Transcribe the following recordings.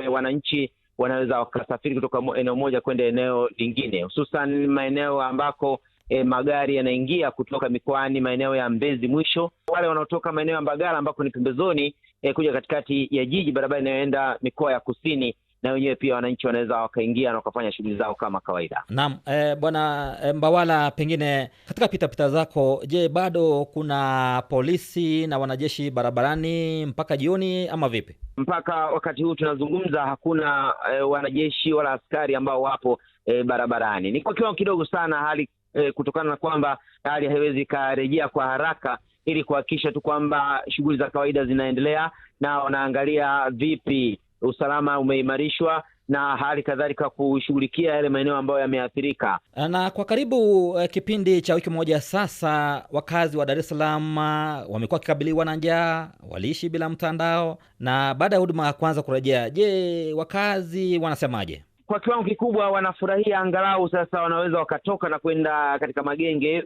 wananchi wanaweza wakasafiri kutoka eneo moja kwenda eneo lingine, hususan maeneo ambako e, magari yanaingia kutoka mikoani, maeneo ya Mbezi mwisho, wale wanaotoka maeneo ya Mbagala ambako ni pembezoni, e, kuja katikati ya jiji, barabara inayoenda mikoa ya kusini na wenyewe pia wananchi wanaweza wakaingia na wakafanya shughuli zao kama kawaida. Naam, e, bwana eh, Mbawala, pengine katika pitapita zako, je, bado kuna polisi na wanajeshi barabarani mpaka jioni ama vipi? Mpaka wakati huu tunazungumza hakuna e, wanajeshi wala askari ambao wapo e, barabarani. Ni kwa kiwango kidogo sana hali e, kutokana na kwamba hali haiwezi ikarejea kwa haraka ili kuhakikisha tu kwamba shughuli za kawaida zinaendelea na wanaangalia vipi usalama umeimarishwa na hali kadhalika kushughulikia yale maeneo ambayo yameathirika. Na kwa karibu eh, kipindi cha wiki moja sasa, wakazi wa Dar es Salaam eh, wamekuwa wakikabiliwa na njaa, waliishi bila mtandao, na baada ya huduma ya kwanza kurejea, je, wakazi wanasemaje? kwa kiwango kikubwa wanafurahia, angalau sasa wanaweza wakatoka na kwenda katika magenge,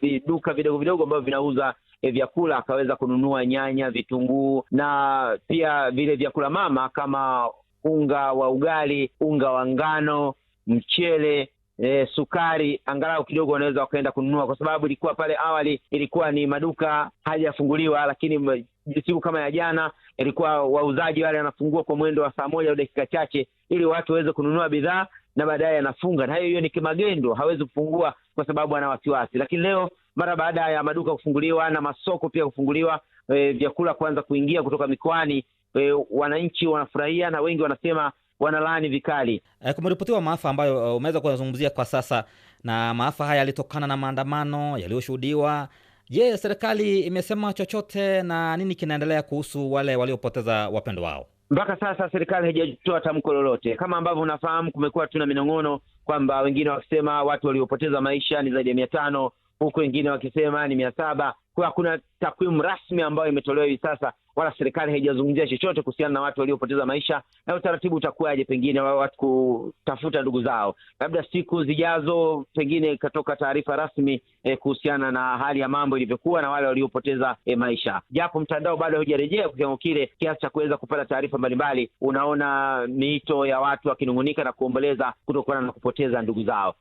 viduka vidogo vidogo ambavyo vinauza E, vyakula akaweza kununua nyanya, vitunguu na pia vile vyakula mama kama unga wa ugali, unga wa ngano, mchele e, sukari angalau kidogo wanaweza wakaenda kununua, kwa sababu ilikuwa pale awali ilikuwa ni maduka hajafunguliwa, lakini siku kama ya jana ilikuwa wauzaji wale wanafungua kwa mwendo wa saa moja au dakika chache, ili watu waweze kununua bidhaa na baadaye anafunga. Na hiyo hiyo ni kimagendo, hawezi kufungua kwa sababu ana wasiwasi. Lakini leo mara baada ya maduka kufunguliwa na masoko pia kufunguliwa, e, vyakula kuanza kuingia kutoka mikoani, e, wananchi wanafurahia na wengi wanasema wanalaani vikali. E, kumeripotiwa maafa ambayo eh, umeweza kuyazungumzia kwa sasa, na maafa haya yalitokana na maandamano yaliyoshuhudiwa. Je, serikali imesema chochote na nini kinaendelea kuhusu wale waliopoteza wapendo wao? Mpaka sasa serikali haijatoa tamko lolote. Kama ambavyo unafahamu, kumekuwa tuna minong'ono kwamba wengine wakisema watu waliopoteza maisha ni zaidi ya mia tano huku wengine wakisema ni mia saba. Kwa hakuna takwimu rasmi ambayo imetolewa hivi sasa, wala serikali haijazungumzia chochote kuhusiana na watu waliopoteza maisha, na utaratibu utakuwaje, pengine watu kutafuta ndugu zao, labda siku zijazo, pengine ikatoka taarifa rasmi eh, kuhusiana na hali ya mambo ilivyokuwa na wale waliopoteza eh, maisha, japo mtandao bado haujarejea kiwango kile kiasi cha kuweza kupata taarifa mbalimbali. Unaona miito ya watu wakinung'unika na kuomboleza kutokana na kupoteza ndugu zao.